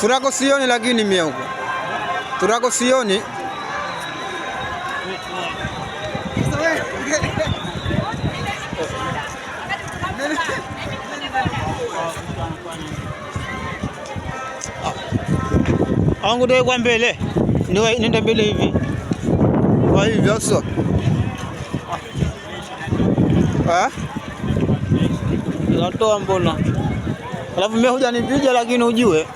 Turako sioni, lakini mie huko turako sioni. Angu ndio kwa mbele, nenda mbele hivi kwa sasa. Ah? ah unatoa mbona? Alafu mimi hujanipiga, lakini ujue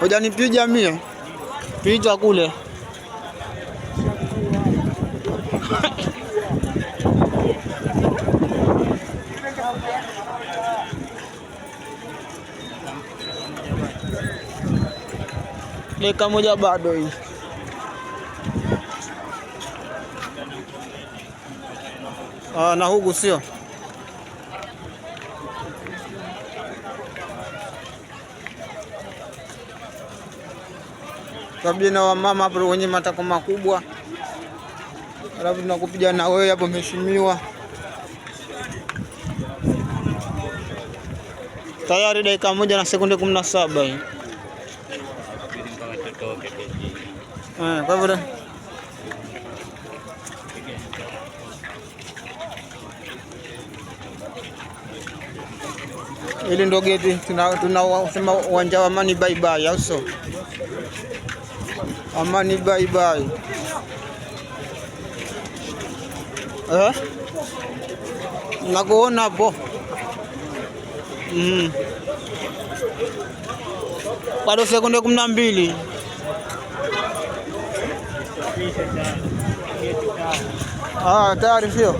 hujanipiga mie pita kule dakika moja bado hii. Ah, na huku sio sababu na wamama hapo wenye matako makubwa, alafu tunakupiga na wewe hapo mheshimiwa. Tayari dakika moja na sekunde kumi na saba hii. Eh, kwa hivyo ili ndo geti tunasema uwanja wa Amani bye bye, au so Amani bye bye. Eh? Nakuona hapo. Mm. Bado sekunde kumi na mbili. Ah, tayari sio?